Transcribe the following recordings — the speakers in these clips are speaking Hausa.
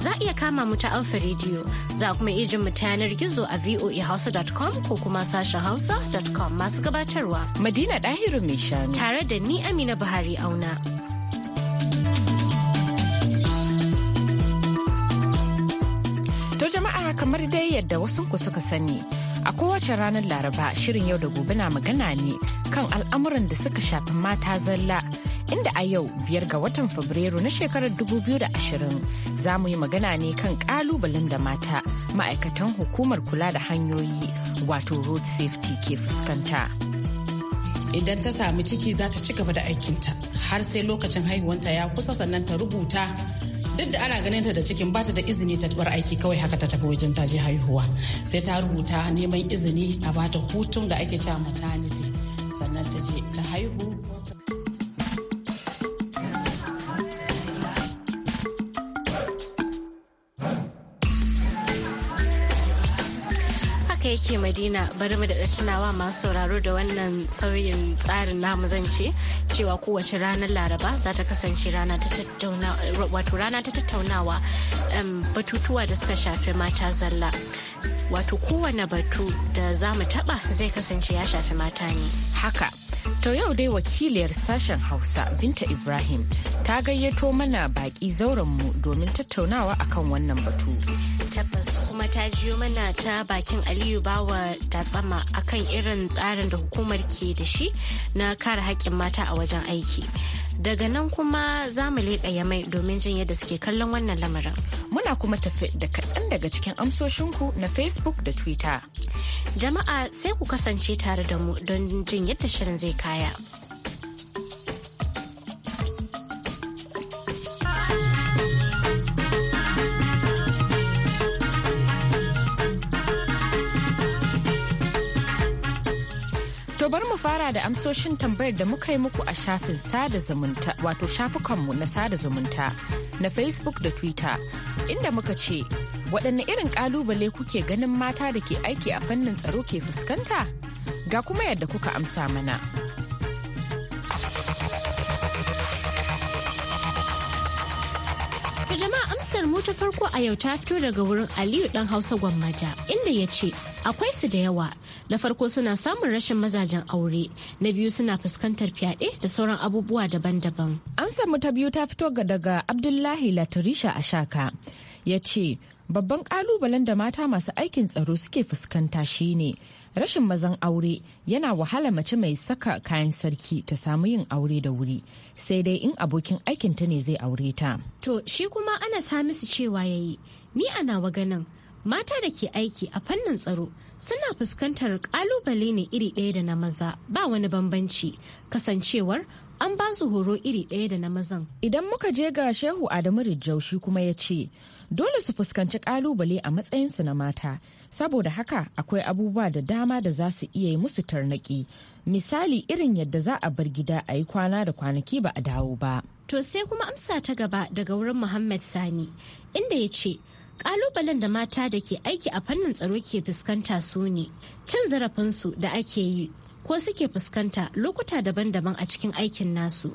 za a iya kama mu ta alfa rediyo za kuma iya mu ta yanar gizo a voahausa.com ko kuma sashen hausa.com masu gabatarwa. Madina Dahiru mai shanu. Tare da ni Amina Buhari auna. To jama'a kamar dai yadda wasu ku suka sani. A kowace ranar Laraba shirin yau da gobe na magana ne kan al'amuran da suka shafi mata zalla. inda a yau biyar ga watan Fabrairu na shekarar 2020 za mu yi magana ne kan kalubalen da mata ma'aikatan hukumar kula da hanyoyi wato road safety ke fuskanta. Idan ta sami ciki za ta ci gaba da aikinta har sai lokacin haihuwanta ya kusa sannan ta rubuta duk da ana ganin ta da cikin ba ta da izini ta bar aiki kawai haka ta tafi wajen ta je haihuwa sai ta rubuta neman izini a bata hutun da ake cewa maternity sannan ta je ta haihu haka yake madina bari mu da tunawa masu sauraro da wannan sauyin tsarin namu zan ce cewa kowace ranar laraba za ta kasance rana ta tattaunawa um, batutuwa da suka shafi mata zalla wato kowane batu da za mu taba zai kasance ya shafi mata ne haka To yau dai wakiliyar sashen Hausa Binta Ibrahim ta gayyato mana baƙi mu domin tattaunawa akan wannan batu. Tabbas kuma ta jiyo mana ta bakin Aliyu Bawa Datsama akan irin tsarin da hukumar ke da shi na kare haƙƙin mata a wajen aiki. daga nan kuma za mu ya yamai domin jin yadda suke kallon wannan lamarin. Muna kuma tafi da kaɗan daga cikin amsoshinku na Facebook da Twitter. Jama'a sai ku kasance tare da mu don jin yadda shirin zai kaya. bari mu fara da amsoshin tambayar da muka yi muku a shafin sada zumunta wato shafukanmu na sada zumunta na Facebook da Twitter inda muka ce waɗanne irin ƙalubale kuke ganin mata da ke aiki a fannin tsaro ke fuskanta? Ga kuma yadda kuka amsa mana. Amsar mu ta farko a yau ta fito daga wurin Aliyu dan Hausa Gwammaja inda ya ce akwai su da yawa. Na farko suna samun rashin mazajen aure, na biyu suna fuskantar fyaɗe da sauran abubuwa daban-daban. Amsar mu ta biyu ta fito daga Abdullahi Laturisha Ashaka ya ce babban ƙalubalen da mata masu aikin tsaro suke fuskanta shine rashin mazan aure yana wahala mace mai saka kayan sarki ta samu yin aure da wuri sai dai in abokin aikinta ne zai aure ta to shi kuma ana hamisu cewa yayi ni ana wa ganin mata da ke aiki a fannin tsaro suna fuskantar kalubale ne iri ɗaya da na maza ba wani bambanci kasancewar an ba su horo iri ɗaya da na mazan. Idan muka je ga Shehu Adamu rijjaushi kuma ya ce, dole su fuskanci ƙalubale a matsayinsu na mata, saboda haka akwai abubuwa da dama da za su iya yi musu tarnaki Misali irin yadda za a bar gida a yi kwana da kwanaki ba a dawo ba. To sai kuma amsa ta gaba daga wurin Muhammad Sani, inda ya ce, ƙalubalen da mata da ke aiki a fannin tsaro ke fuskanta su ne cin zarafinsu da ake yi ko suke fuskanta lokuta daban-daban a cikin aikin nasu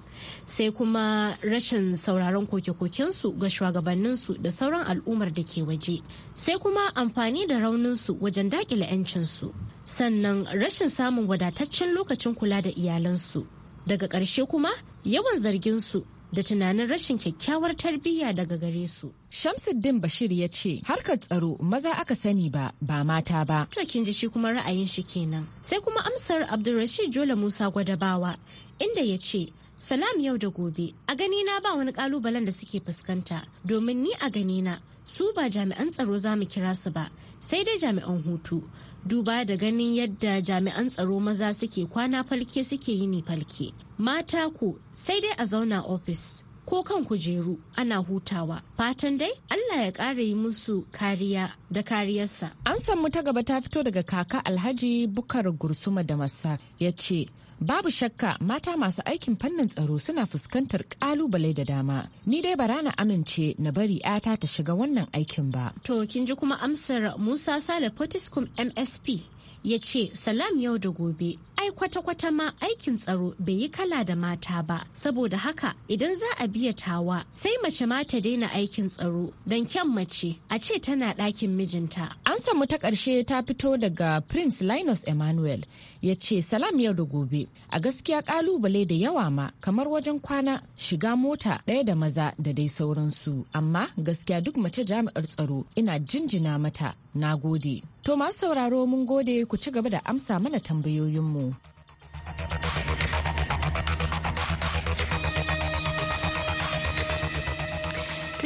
sai kuma rashin sauraron koke-kokensu ga shugabanninsu da sauran al'ummar da ke waje sai kuma amfani da rauninsu wajen dakile 'yancinsu sannan rashin samun wadataccen lokacin kula da iyalansu daga ƙarshe kuma yawan zarginsu da tunanin rashin kyakkyawar tarbiyya daga gare su. Shamsuddin Bashir ya ce harkar tsaro maza aka sani ba ba mata ba. To kin ji shi kuma ra'ayin shi kenan. Sai kuma amsar Abdulrashid Jola Musa Gwadabawa inda ya ce Salam yau da gobe a gani na ba wani kalubalen da suke fuskanta domin ni a gani na su ba jami'an tsaro za mu kira su ba sai dai jami'an hutu duba da ganin yadda jami'an tsaro maza suke kwana falke suke yi ni falke mata ku sai dai a zauna ofis ko kan kujeru ana hutawa fatan dai Allah ya ƙara yi musu kariya da kariyarsa an samu ta gaba ta fito daga kaka alhaji bukar gursuma da Masa, ya ce Babu shakka mata masu aikin fannin tsaro suna fuskantar kalubale da dama. Ni dai ba rana amince na bari 'yata ta shiga wannan aikin ba. To kin ji kuma amsar Musa Sale Potiskum MSP ya ce salam yau da gobe ai kwata-kwata ma aikin tsaro bai yi kala da mata ba saboda haka idan za a biya tawa sai mace ma ta daina aikin tsaro don kyan mace a ce tana ɗakin mijinta an samu ta ƙarshe ta fito daga prince linus emmanuel ya ce salam yau da gobe a gaskiya ƙalubale da yawa ma kamar wajen kwana shiga mota ɗaya da maza da dai sauransu amma gaskiya duk mace jami'ar tsaro ina jinjina mata na gode to masu sauraro mun gode ku ci gaba da amsa mana tambayoyinmu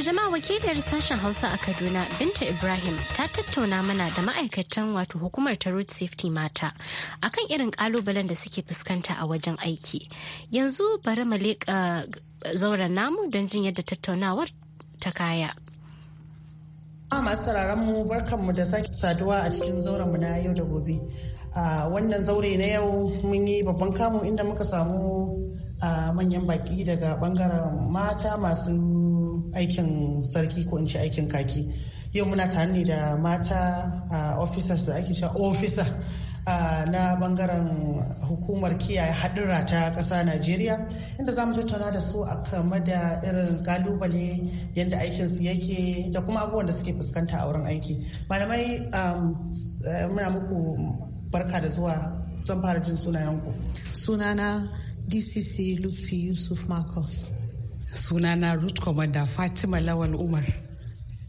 jama'a wakiliyar sashen Hausa a Kaduna Binta Ibrahim ta tattauna mana da ma'aikatan wato hukumar ta Road Safety Mata akan irin kalubalen da suke fuskanta a wajen aiki. Yanzu bari mu leƙa zauren namu don jin yadda tattaunawar ta kaya. A ah, masu sauraron mu barkanmu da sake saduwa a cikin zauren mu na yau da gobe. Ah, wannan zaure na yau mun yi babban kamun inda muka samu ah, manyan baki daga bangaren mata masu aikin sarki ko in ci aikin kaki. Yau muna tare ne da mata a officers da ake cewa officer na bangaren hukumar kiyaye haɗura ta ƙasa najeriya inda za mu tattauna da su a kama da irin kalubale yadda aikinsu yake da kuma abubuwan da suke fuskanta a wurin aiki malamai um, muna muku barka da zuwa zan fara jin sunayenku sunana dcc lucy yusuf marcus sunana root commander fatima lawal umar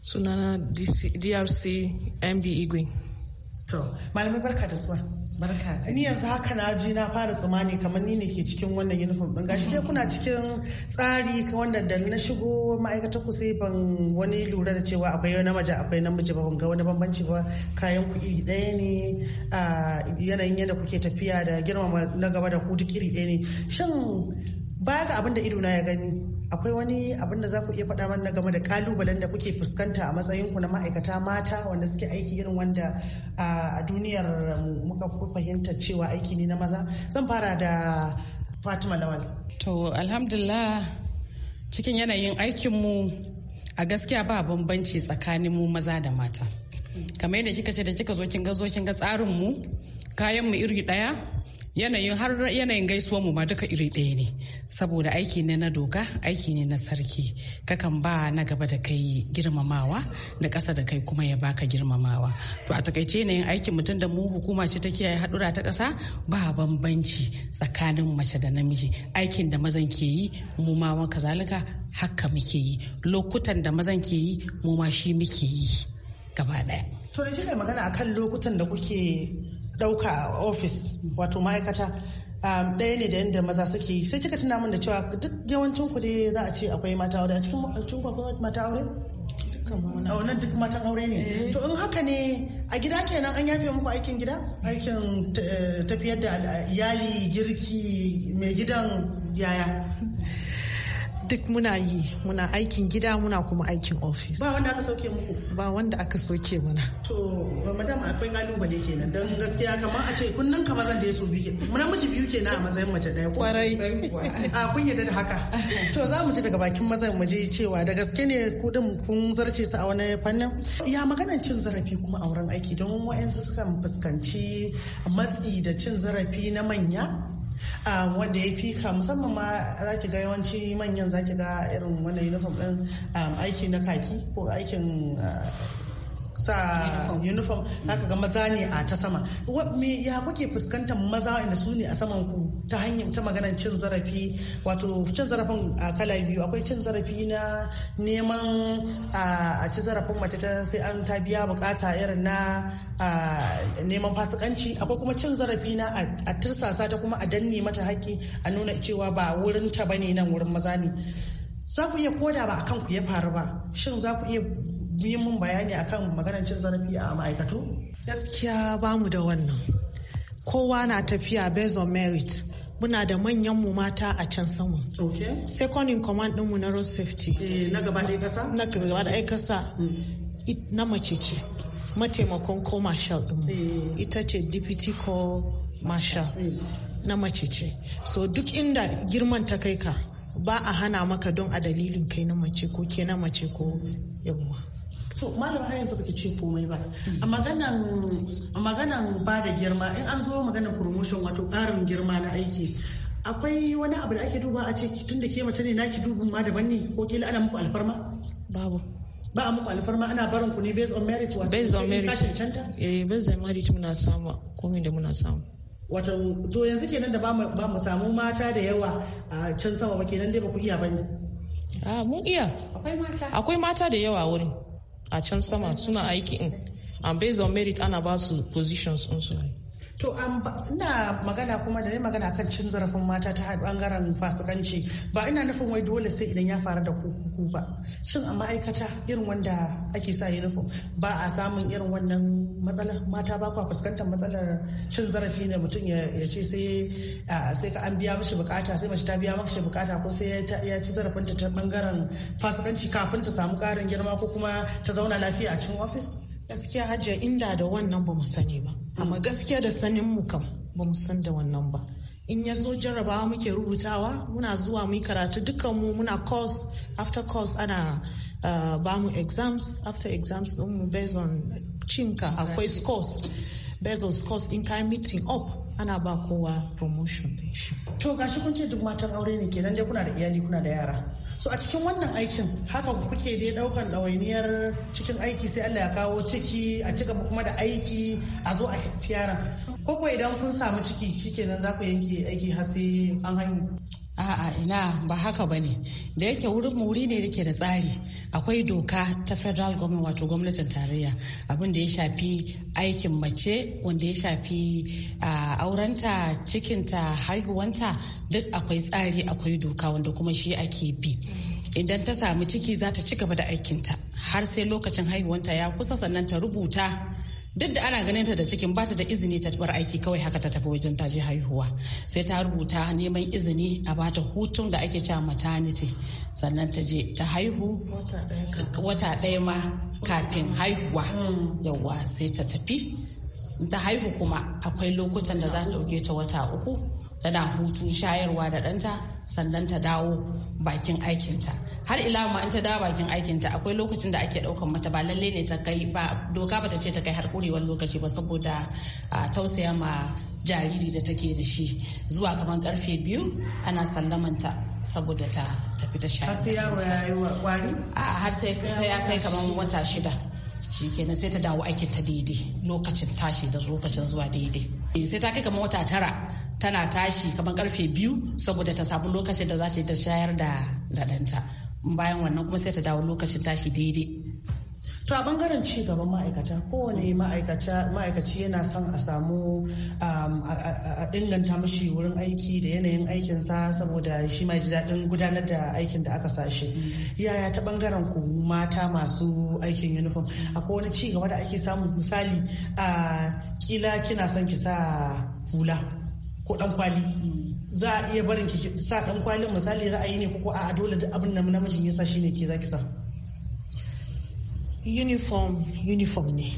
sunana drc mb igwe To, malamai barka da zuwa. Barka. Ni yanzu haka na ji na fara tsammani kamar ni ne ke cikin wannan uniform din gashi dai kuna cikin tsari wanda da na shigo ma'aikata ku sai ban wani lura da cewa akwai namiji akwai namiji ba ga wani bambanci ba kayan kuɗi ɗaya ne a yanayin yadda kuke tafiya da girmama na gaba da ku duk iri ɗaya ne. Shin baya ga abin da ido na ya gani akwai wani abin da za ku iya faɗa mana game da kalubalen da kuke fuskanta a matsayin ku na ma'aikata mata wanda suke aiki irin wanda a duniyar muka fahimta cewa aiki ne na maza zan fara da fatima lawal to alhamdulillah cikin yanayin aikin mu a gaskiya ba bambanci tsakanin mu maza da mata kamar yadda kika ce da kika zo kin ga zo kin ga tsarin mu kayan mu iri ɗaya. yanayin har yanayin gaisuwar mu ma duka iri ɗaya ne saboda aiki ne na doka aiki ne na sarki kakan ba na gaba da kai girmamawa da ƙasa da kai kuma ya baka girmamawa to a takaice yanayin aikin mutum da mu hukuma ce ta kiyaye haɗura ta ƙasa ba bambanci tsakanin mace da namiji aikin da mazan ke yi mu ma wanka zalika haka muke yi lokutan da mazan ke yi mu ma shi muke yi gaba ɗaya. To da magana akan lokutan da kuke ɗauka a ofis wato ma'aikata um, ɗaya ne da yadda maza suke yi sai kika tuna mun da cewa duk yawancin ku dai za a ce akwai mata aure a cikin ku akwai mata aure wannan duk matan aure ne eh. to in haka ne a gida kenan an yafe muku aikin gida aikin eh, tafiyar da iyali girki mai gidan yaya duk muna yi muna aikin gida muna kuma aikin ofis ba wanda aka sauke muku ba wanda aka soke mana to ramadan akwai kalubale kenan don gaskiya kamar a ce kunnan kamar zan da ya so biyu muna miji biyu kenan a matsayin mace daya kwarai a kun yarda da haka to za mu ji daga bakin mazan mu ji cewa da gaske ne ku din kun zarce su a wani fannin ya maganar cin zarafi kuma a wurin aiki don wa'ansu sukan fuskanci matsi da cin zarafi na manya wanda ya fika musamman ma za ki ga yawanci manyan za ki ga irin wannan uniform din um, aiki na kaki ko aikin uh, sa uniform haka ga maza ne a ta sama ya kuke fuskantar maza inda su ne a saman ku ta hanyar ta magana cin zarafi wato cin zarafin a kala biyu akwai cin zarafi na neman a ci zarafin mace ta sai an ta biya bukata irin na neman fasikanci akwai kuma cin zarafi na a tirsasa ta kuma a danne mata haƙƙi a nuna cewa ba wurin ta ne nan wurin maza ne za ku iya koda ba akan ku ya faru ba shin za ku iya yi mun bayani akan maganar cin zarafi a ma'aikatu gaskiya ba mu da wannan kowa na tafiya based on merit muna da manyan mu mata a can sama. Second in command ɗinmu na road safety. Eh, na gaba da ƙasa? Na gaba da ƙasa. Mm. Na mace ce. Mataimakon ko marshal ɗinmu. Eh. Ita ce deputy ko marshal. Mm. Na mace ce. So duk inda girman ta kai ka ba a hana maka don a dalilin kai na mace ko ke na mace ko yabuwa. to malama har yanzu baki ce komai ba a maganan ba da girma in an zo maganan promotion wato karin girma na aiki akwai wani abu da ake duba a ce tun da ke mace ne naki dubin ma daban ne ko kila ana muku alfarma babu ba a muku alfarma ana barin ku ne based on merit wato based on merit eh based on merit muna samu komai da muna samu wato to yanzu kenan da ba mu samu mata da yawa a can sama ba kenan dai ba ku iya bane a ah, mun iya akwai mata da yawa wurin a can sama suna aiki in and based on merit ana ba su positions in su To ina magana kuma da magana kan cin zarafin mata ta bangaren fasikanci ba ina nufin wai dole sai idan ya faru da kuku ba. Shin a ma'aikata irin wanda ake sa yunifom ba a samun irin wannan matsalar mata ba kwa fuskantar matsalar cin zarafi ne mutum ya ce sai ka an biya mashi bukata sai mace ta biya mashi bukata ko sai ya ci zarafinta ta bangaren fasikanci kafin ta samu karin girma ko kuma ta zauna lafiya a cikin ofis. Gaskiya hajiya inda da wannan ba mu sani ba. Amma mm. gaskiya da sanin mu kam ba mu san da wannan ba. In ya zo jarrabawa muke rubutawa muna zuwa mu karatu dukkan mu muna course after course ana uh, ba mu exams after exams din mu based on cinka akwai scores. bezos on in kayan meeting up ana ba kowa promotion din shi. To gashi kun ce duk matan aure ne kenan dai kuna da iyali kuna da yara. So a cikin wannan aikin haka kuke dai daukan ɗawainiyar cikin aiki sai Allah ya kawo ciki a cika kuma da aiki a zo a haifi yaran. Ko idan kun samu ciki shikenan za ku yanke aiki har sai an haihu. A'a ina ba haka ba ne da yake wurin wuri ne da da tsari akwai doka ta federal government wato gwamnatin tarayya abin da ya shafi aikin mace wanda ya shafi aurenta cikinta haihuwanta duk akwai tsari akwai doka wanda kuma shi ake bi idan ta samu ciki za ta ci gaba da aikinta har sai lokacin haihuwanta ya kusa sannan ta rubuta duk da ana ganin ta da cikin bata da izini ta bar aiki kawai haka ta tafi wajen ta je haihuwa sai ta rubuta neman izini a bata hutun da ake cewa maternity sannan ta je ta haihu wata ɗaya ma kafin haihuwa mm. yawwa sai ta tafi ta haihu kuma akwai lokutan da za ta ɗauke ta wata uku tana hutu shayarwa da ɗanta sannan ta dawo bakin aikinta har ila ma in ta dawo bakin aikinta akwai lokacin da ake ɗaukan mata ba lalle ne ta kai ba doka ba ce ta kai har ƙurewar lokaci ba saboda tausaya ma jariri da take da shi zuwa kamar karfe biyu ana sallamanta saboda ta tafi ta shayarwa. har sai yaro ya yi wari? a har sai ya kai kamar wata shida. shi sai ta dawo aikin ta daidai lokacin tashi da lokacin zuwa daidai eh, sai ta kai kamar wata tara tana tashi kamar karfe biyu saboda ta samu lokacin da za ta ta shayar da ɗanta bayan wannan kuma sai ta dawo lokacin tashi daidai to a bangaren ci gaban ma'aikata kowane ma'aikaci yana son a samu um, a inganta mashi wurin aiki da yanayin aikinsa saboda shi ma ji daɗin gudanar da aikin da aka sashi yaya ta bangaren ku mata masu aikin uniform a wani ci gaba da ake samu misali a kila kina son ki sa hula ko dan kwali za a iya barin ki sa dan kwalin misali ra'ayi ne ko a dole duk abin da namijin yasa shine ke zaki sa uniform uniform ne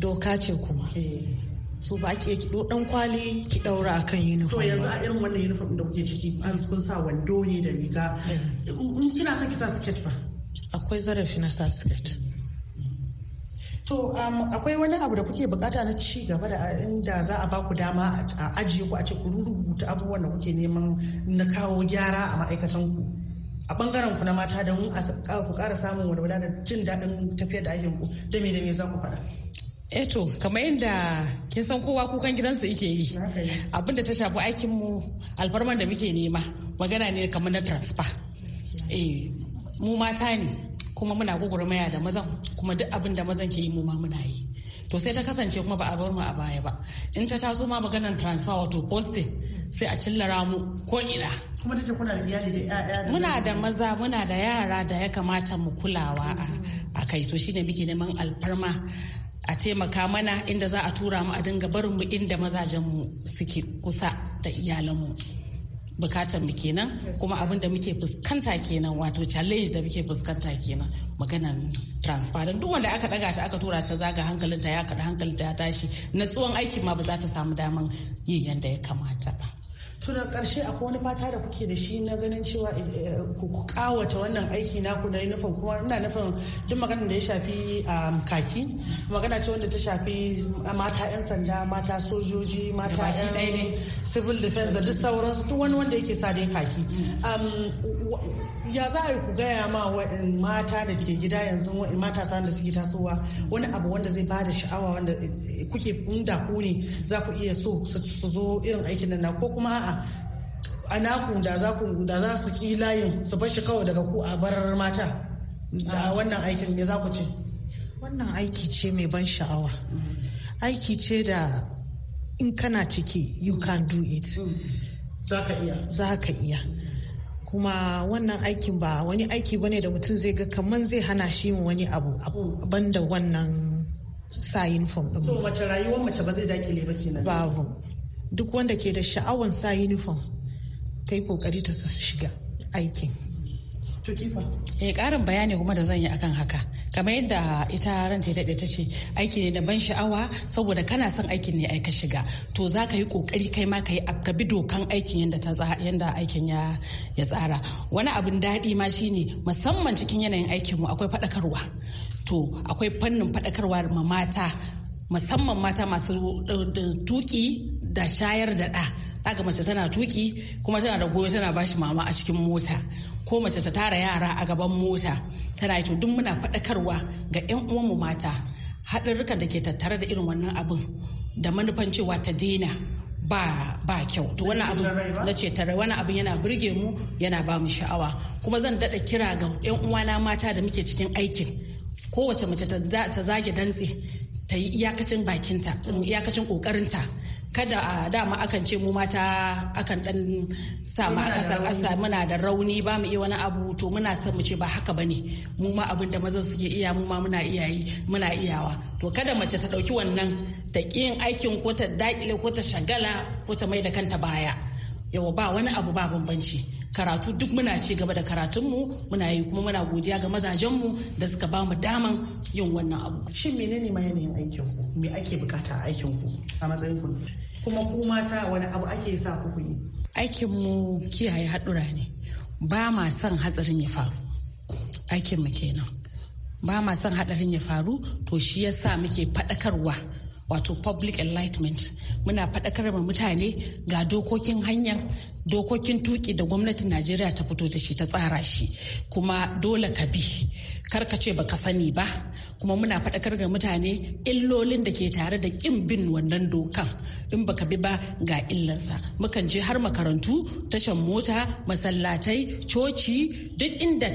doka ce kuma eh. so ba ki ki dan kwali ki daura akan uniform to yanzu a irin wannan uniform da kuke ciki an kun sa wando ne da riga eh. in kina son ki sa skirt ba akwai zarafi na sa skirt To um, akwai wani abu da kuke bukata na ci gaba da inda za a baku dama a ajiye ku a ce ku rubuta abubuwan da kuke neman na kawo gyara a ma'aikatan ku. A bangaren ku na mata don ku kara samun walwala da jin daɗin tafiyar da aikin ku da me da me za ku faɗa. eto eh kamar yadda kin san kowa kukan gidansu yake yi abin da ta shafi aikinmu alfarman da muke nema magana ne kamar na transfer eh mu mata ne kuma muna gwagwarmaya da mazan kuma duk abin da mazan ke yi mu ma muna yi to sai ta kasance kuma ba a bar mu a baya ba in ta taso ma maganar transfer wato posting sai a cillara mu ko ina kuma take kula da iyali da yaya muna da maza muna da yara da ya kamata mu kulawa a kai to shine muke neman alfarma a taimaka mana inda za a tura mu a dinga barin mu inda mazajen mu suke kusa da iyalan mu bukatar mu kenan kuma abin da muke fuskanta kenan wato challenge da muke fuskanta kenan maganar transparent duk wanda aka daga ta aka tura ta zaga hankalinta ya kada hankalinta ya tashi natsuwan aikin ma ba za ta samu daman yin yanda ya kamata ba to da karshe akwai wani fata da kuke da shi na ganin cewa eh, ku kawata wannan aiki na ku na nufin kuma ina nufin duk maganin da ya shafi um, kaki magana ce wanda ta shafi mata 'yan sanda mata sojoji mata 'yan civil defense da duk sauransu duk wani wanda yake sa dai kaki mm. um, ya za a yi ku gaya ma wa'in mata da ke gida yanzu wa'in sa da suke tasowa wani abu wanda zai bada sha'awa wanda eh, eh, kuke da ku ne za ku iya so su zo irin aikin nan ko kuma a'a a naku da za ku da za su ki layin su bar shi kawai daga ku a barar mata da wannan aikin me za ku ce wannan aiki ce mai ban sha'awa mm-hmm. aiki ce da in kana ciki you can do it mm. za ka iya za ka iya kuma wannan aikin ba wani aiki bane da mutum zai ga kamar zai hana shi yin wani abu da wannan sa uniform din so mace rayuwar mace ba zai dakile ba kenan babu duk wanda ke da sha'awar sa uniform ta yi kokari ta shiga aikin to kifa eh karin bayani kuma da zan yi akan haka kamar yadda ita ranta daɗe ta ce aiki ne da ban sha'awa saboda kana son aikin ne aika shiga to za ka yi kokari kai ma ka yi ka bi dokan aikin yadda aikin ya tsara wani abin daɗi ma shine musamman cikin yanayin mu akwai faɗakarwa to akwai fannin faɗakarwa ma mata musamman mata masu tuki da shayar da ɗa. Daga mace tana tuki kuma tana da goyo tana bashi mama a cikin mota ko mace ta tara yara a gaban mota tana yi duk muna faɗakarwa ga 'yan uwanmu mata haɗarurrukan da ke tattare da irin wannan abin da manufan cewa ta daina ba ba kyau to wannan abu na ce tare wannan abin yana burge mu yana ba mu sha'awa kuma zan dada kira ga yan uwana mata da muke cikin aikin kowace mace ta zage dantse ta yi iyakacin bakinta iyakacin kokarinta kada a dama akan ce mu mata akan dan samu aka kasa muna da rauni ba mu iya wani abu to muna son mu ce ba haka bane mu ma abin da mazan suke iya mu ma muna iyayi muna iyawa to kada mace ta dauki wannan ta kiyin aikin ko ta dakile ko ta shagala ko ta mai da kanta baya yawa ba wani abu ba bambanci karatu duk muna ci gaba da karatunmu muna yi kuma muna godiya ga mazajenmu da suka ba mu daman yin wannan abu. Shin menene ma yanayin aikin ku? Me ake bukata a aikin ku a matsayin ku? Kuma ku mata wani abu ake sa ku yi? Aikin mu kiyaye haɗura ne. Ba ma son hatsarin ya faru. Aikin mu kenan. Ba ma son haɗarin ya faru to shi yasa muke faɗakarwa. wato public enlightenment muna faɗakar ma mutane ga dokokin hanya dokokin tuki da gwamnatin najeriya ta fito da shi ta tsara shi kuma dole ka bi Kar ka ce baka sani ba kuma muna faɗakar ga mutane illolin da ke tare da ƙin bin wannan dokan in baka bi ba ga illansa mukan je har makarantu tashan mota masallatai coci duk inda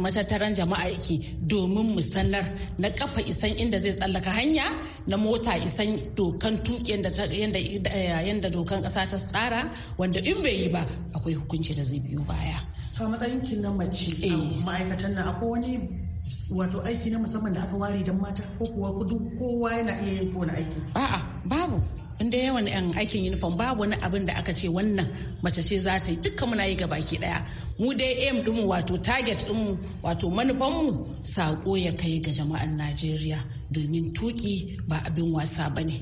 matattaran jama'a yake domin mu sanar na kafa isan inda zai tsallaka hanya na mota isan dokan tuki yadda eh, dokan ƙasa ta tsara wanda in bai yi ba akwai hukunci da zai biyo baya. to matsayin kin na mace eh. ma'aikatan nan akwai wani wato aiki na musamman da aka ware don mata ko kuwa duk kowa yana iya yin kowane aiki a'a babu inda yawan yan aikin uniform babu wani abin da aka ce wannan mace ce za ta yi dukkan muna yi ga baki daya mu dai aim dinmu wato target dinmu wato manufan mu sako ya kai ga jama'ar najeriya domin tuki ba abin wasa ba ne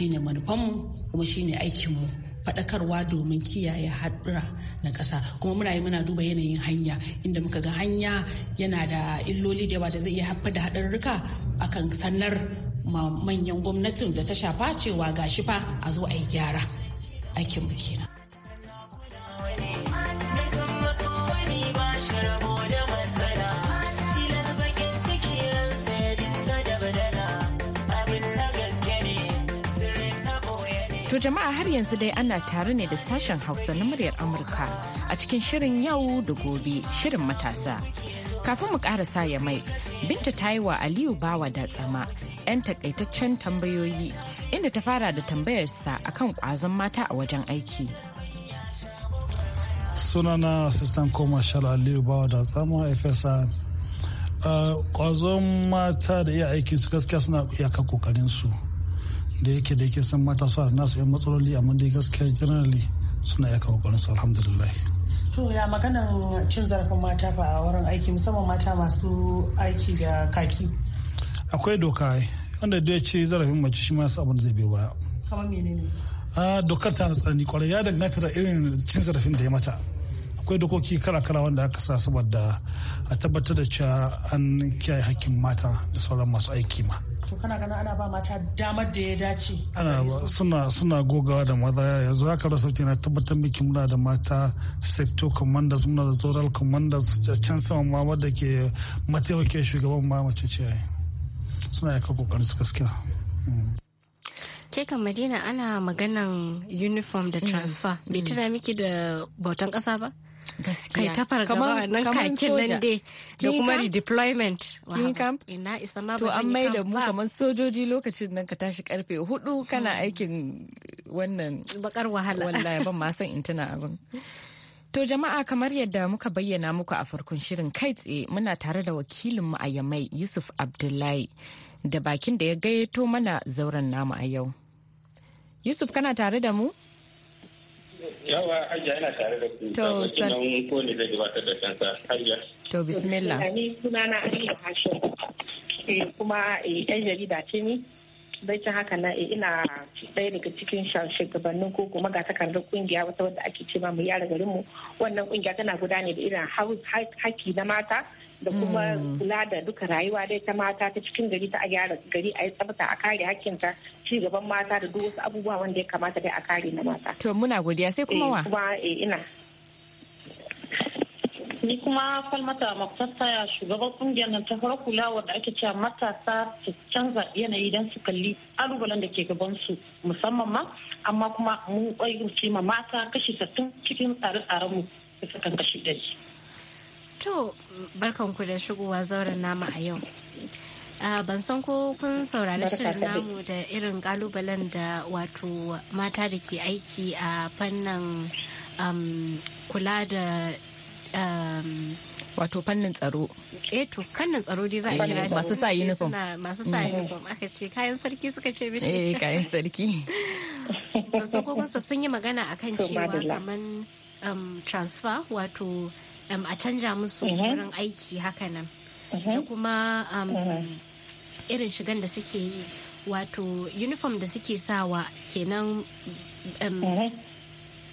manufan manufanmu kuma shine mu. faɗakarwa domin kiyaye haɗura na ƙasa kuma muna yi muna duba yanayin hanya inda muka ga hanya yana da illoli da yawa da zai iya haifar da haɗarurruka akan sanar manyan gwamnatin da ta shafa cewa ga shi fa a zo a yi gyara aikin mu kenan. Sun masu To jama'a har yanzu dai ana tare ne da sashen Hausa na muryar Amurka a cikin shirin yau da gobe shirin matasa. Kafin mu karasa ya mai, Binta ta yi wa Aliyu Bawa da tsama 'yan takaitaccen tambayoyi inda ta fara da tambayarsa akan kwazon mata a wajen aiki. Sunana Koma Commercial Aliyu Bawa da tsama FSA kwazon uh, mata da iya aiki su gaskiya suna iyakar kokarin su. da yake da yake san mata suna da nasu 'yan matsaloli amma dai gaskiya generally suna iya kawo su alhamdulillah to ya maganan cin zarafin mata fa a wurin aiki musamman mata masu aiki da kaki akwai doka wanda da ya ce zarafin mace shi ma yasa abin zai biyo baya kamar menene ah, dokar ta tsarni kwarai ya danganta da irin cin zarafin da ya mata akwai dokoki kala-kala wanda aka sa saboda a tabbatar da cewa an kiyaye hakkin mata da sauran masu aiki ma to kana gana ana ba mata damar da ya dace ana suna suna gogawa da maza yanzu haka rasauti na tabbatar miki muna da mata sector commanders muna da zonal commanders can sama ma wadda ke mataimakin shugaban ma mace ce suna yaka kokarin su gaskiya Kekan madina ana maganan uniform da mm. transfer bai mm. tuna miki da bautan kasa ba gaskiya kai ta kamar nan kakin nan dai da kuma redeployment ina isa ma to an mai da mu kamar sojoji lokacin nan ka tashi karfe hudu kana aikin wannan bakar wahala wallahi ban ma san in tuna abin To jama'a kamar yadda muka bayyana muku a farkon shirin kai tsaye muna tare da wakilinmu a Yamai Yusuf Abdullahi da bakin da ya gayyato mana zauren namu a yau. Yusuf kana tare da mu? Yawa hajiya yana tare da ku. To san. ko ne zai gabatar da kansa hajiya. To bismillah. Ni suna na Aliyu Hashim. Eh, kuma eh, ɗan jarida ce ni. Baicin haka na eh, ina ɗaya daga cikin shugabannin ko kuma ga takardar kungiya wata wadda ake ce mu yara garinmu wannan kungiya tana gudanar da irin haki na mata da kuma mm. kula da duka rayuwa dai ta mata ta cikin gari ta a gyara gari a yi tsafta a kare hakkinta ci gaban mata da duk wasu abubuwa wanda ya kamata dai a kare na mata. To muna godiya sai kuma eh, wa? Kuma eh, ina. Ni kuma falmata makwabta ya shugaban kungiyar nan ta fara kula wadda ake cewa matasa su canza yanayi don su kalli alubalen da ke gaban su musamman ma amma kuma mun kwaigurce ma mata kashi sattin cikin tsare-tsaren mu da sukan kashi ɗari. To, barkanku da shigowa zauren nama a yau. ban san ko kun saurari shirin namu da irin kalubalen da wato mata da ke aiki a fannin um, kula da um, wato fannin tsaro eh to fannin tsaro dai za a kira eh, shi eh, masu sa uniform masu sa uniform aka ce kayan sarki suka ce mishi eh kayan sarki ban san ko kun sun yi magana akan cewa kaman um, transfer wato a canja musu mhm. wurin aiki haka nan mhm. da kuma mhm. irin shigan da suke yi wato uniform da suke sawa kenan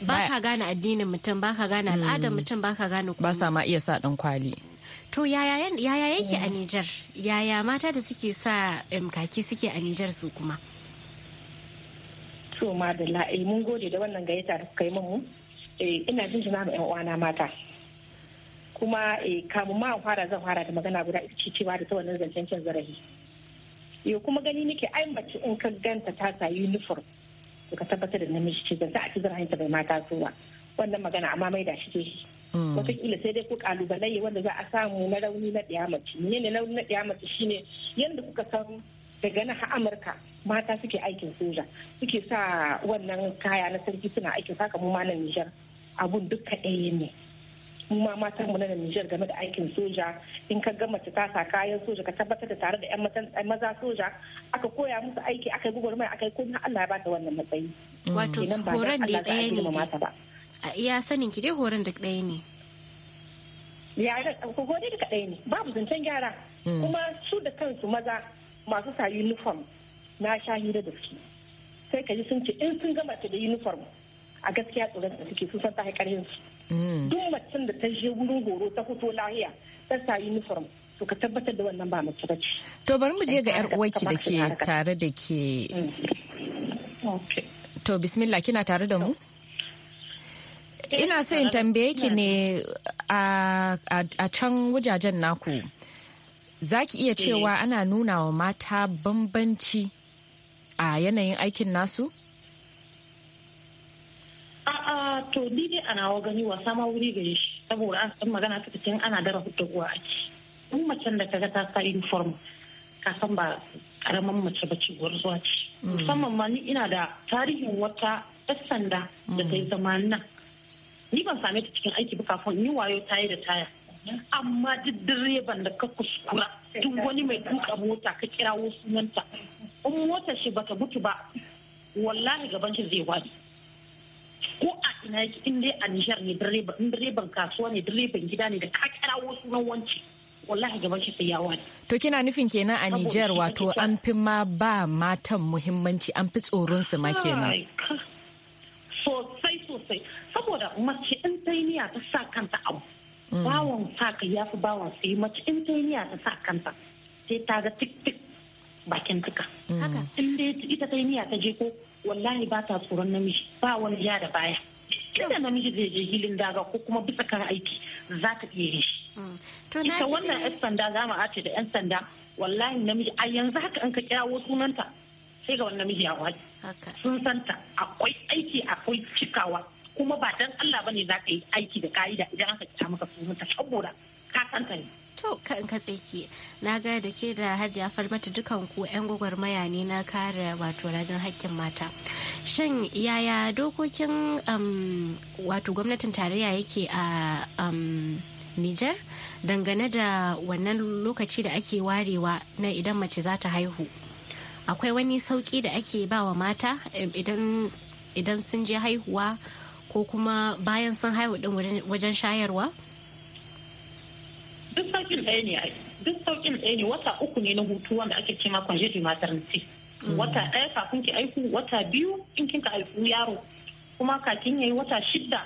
ba ka gane addinin mutum ba ka gane mm. al'adar mutum ba ka gane ba sa ma iya sa dan kwali to yaya yake a mm. Nijar yaya mata da suke sa kaki suke a Nijar su kuma to madalla eh, mun gode da wannan gayyata da kuka yi eh, ina jin jina ma yan uwana mata kuma eh, kamun ma fara zan fara da magana guda ita cewa da ta wannan zancen cin zarafi yau kuma gani nake ai mace in ka ganta ta sa uniform ka tabbatar da namiji ce zanta a ci ta bai mata su ba wannan magana amma mai da shi ce shi mm. wataƙila sai dai ku kalubalaye wanda za a samu na rauni na ɗaya mace ne ne rauni na ɗaya mace shine yadda kuka san daga na amurka mata suke aikin soja suke sa wannan kaya na sarki suna aikin saka mu ma na nijar abun dukka ɗaya ne mu ma matan mu na Nijar game da aikin soja in ka gama ta sa kayan soja ka tabbatar da tare da yan maza soja aka koya musu aiki aka yi gwagwarmaya aka yi kuma Allah ya bata wannan matsayi wato horon da ɗaya ne a iya sanin ki dai horon da ɗaya ne yaran ko dai da ɗaya ne babu zancen gyara hmm. kuma su da kansu maza masu sa uniform na sha hira da su sai ka ji sun ce in sun gama ta da uniform a gaskiya tsoron da suke sun san ta haikarin su mm. duk macen da ta je wurin horo ta fito lahiya ta sa uniform to ka tabbatar da wannan ba mace bace to bari mu je ga yar uwarki da ke tare da ke mm. to bismillah kina tare da mu eh, ina so in tambaye ki ne a can wajajen naku za ki iya eh. cewa ana nuna wa mata bambanci a yanayin aikin nasu? to ni ana wa gani wasa ma wuri gare shi saboda an san magana ta cikin ana dara hudu a ci in macen da kaga ta sa uniform ka san ba karaman mace ba ce zuwa ce mm. musamman ma ni ina da tarihin wata yan sanda da ta yi mm. zama nan ni ban same ta cikin aiki ba kafin ni wayo tayi da taya amma duk direban da ka kuskura duk wani mai tuka mota ka kira wasu sunanta in mota shi bata mutu ba wallahi gaban shi zai wani ko a ina yake in dai a Nijar ne direban kasuwa ne direban gida ne da ka kira wasu nan wanci wallahi gaba shi sai ya wani. To kina nufin kenan a Nijar wato an fi ma ba matan muhimmanci an fi tsoron su ma kenan. Sosai sosai saboda mace in tainiya ta sa kanta abu. Mm. Bawan sa ka ya fi bawan sai mace in tainiya ta sa kanta sai ta ga tik tik bakin tuka. Mm. In dai ita tainiya ta je ko wallahi ba ta tsoron namiji ba wani ya da baya inda namiji zai je hilin daga ko kuma bisa kan aiki za ta iya yi mm. ita wannan yan sanda za mu ace da yan sanda wallahi namiji a yanzu haka in ka kirawo sunanta sai ga wani namiji a wani sun santa akwai aiki akwai cikawa kuma ba dan Allah bane za ka yi aiki da ka'ida idan aka kira maka sunanta saboda ka santa ne To kan ka tsaki na ga da ke da hajiya farmata dukan ku 'yan gwagwarmaya ne na kare wato rajin hakkin mata. Shin yaya dokokin um, wato gwamnatin tarayya yake a um, Nijar dangane da wannan lokaci da ake warewa na idan mace za ta haihu. Akwai wani sauki da ake ba wa mata um, idan sun je haihuwa ko kuma bayan sun haihu din wajen shayarwa? duk saukin ɗaya ne duk saukin ɗaya ne wata uku ne na hutu wanda ake ce ma congenital maternity mm. wata ɗaya kafin ki aiku wata biyu in kin ka aiku yaro kuma kafin yayi wata shidda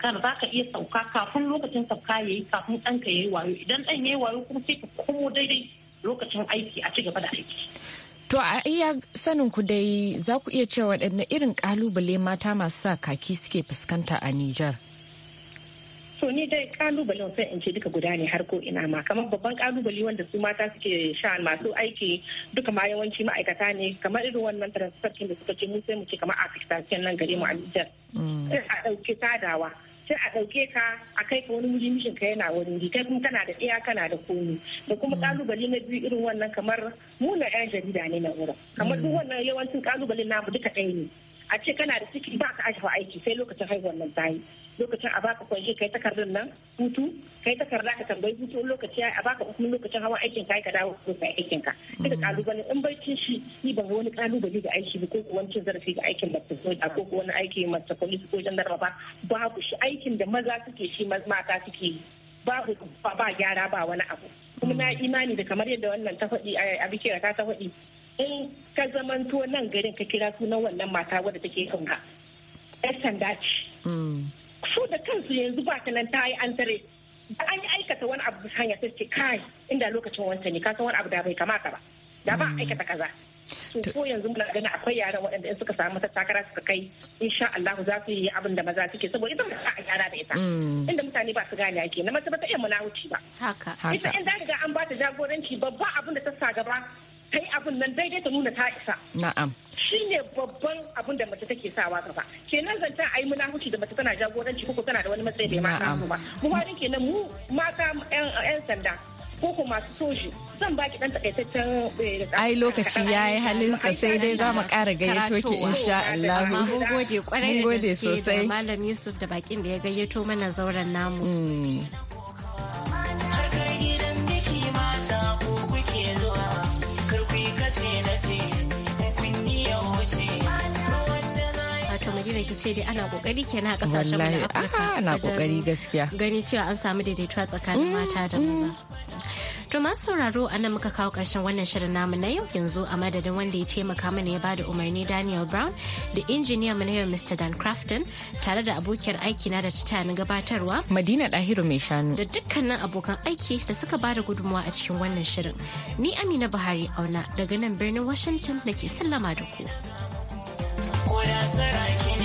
kan za ka iya sauka kafin lokacin sauka yi kafin ɗanka ya yi wayo idan ɗan ya yi wayo kuma sai ka komo daidai lokacin aiki a ci gaba da aiki To a iya sanin ku dai za ku iya cewa waɗanne irin kalubale mata masu sa kaki suke fuskanta a Nijar. so ni dai kalubalen sai in ce duka guda ne har ko ina ma kamar babban kalubale wanda su mata suke sha masu aiki duka ma yawanci ma'aikata ne kamar irin wannan transfer da suka ce mu sai mu ce kamar a cikin nan gari mu a Nijar mm. sai a ɗauke tadawa sai a ɗauke ka a kai ka wani wuri mishin ka yana wani wuri kai kuma kana da ɗaya kana da komi da kuma mm. kalubale na biyu irin wannan kamar mu na yan jarida ne na wurin kamar duk mm. wannan yawancin kalubalen namu duka ɗaya ne a ce kana da ciki ba ka ajiye aiki sai lokacin haihuwar nan ta yi. lokacin a baka kwanje kai takardar nan hutu kai takarda ka tambayi hutu lokaci a baka hukumin lokacin hawan aikin ka ka dawo ko kai aikin ka kada kalubale in barcin shi ni ban wani kalubale ga aiki ko ko wani cin zarafi ga aikin da ko ko wani aiki mace police ko ba babu shi aikin da maza suke shi mata suke yi babu ba gyara ba wani abu kuma na imani da kamar yadda wannan ta faɗi a bikira ta ta faɗi in ka zamanto nan garin ka kira sunan wannan mata wadda take kanka yar sanda ce mm. su da kansu yanzu ba ta nan ta yi an tare da an yi aikata wani abu hanya sai ce kai inda lokacin wancan ne kasan wani abu da bai kamata ba da ba aikata kaza to ko yanzu muna gani akwai yaran waɗanda in suka samu takara suka kai insha Allah za su yi abin da maza suke saboda ita mace a yara da ita mm. inda mutane ba su gane ake na mace ba ta iya wuce ba haka haka ita in da riga an ba ta jagoranci babba abin da ta sa gaba ta yi abin nan daidai ta nuna ta isa. Na'am. Shi ne babban abin da mace take sawa gaba. Kenan zancen a yi huci da mace tana jagoranci ko tana da wani matsayi da ya su ba. Mu warin kenan mu mata 'yan sanda koko masu soji zan baki dan takaitaccen eh, ai lokaci yayi halinsa sai dai za mu kara gayyato ki insha Allah mun gode kwarai da gaske sosai malam Yusuf da bakin da ya gayyato mana zauren namu mm. see so madina ki ce dai ana kokari kenan a kasashen mu na Afirka ana kokari gaskiya gani cewa an samu a tsakanin mm, mata da mm. maza To masu sauraro a nan muka kawo karshen wannan shirin namu na yau yanzu a madadin wanda ya taimaka mana ya bada umarni Daniel Brown da injiniya mu na yau Mr. Dan Crafton tare da abokiyar aiki na da ta na gabatarwa. Madina Dahiru mai shanu. Da dukkanin abokan aiki da suka bada gudunmawa a cikin wannan shirin. Ni Amina Buhari auna daga nan birnin Washington da ke sallama da ku. What I said, I can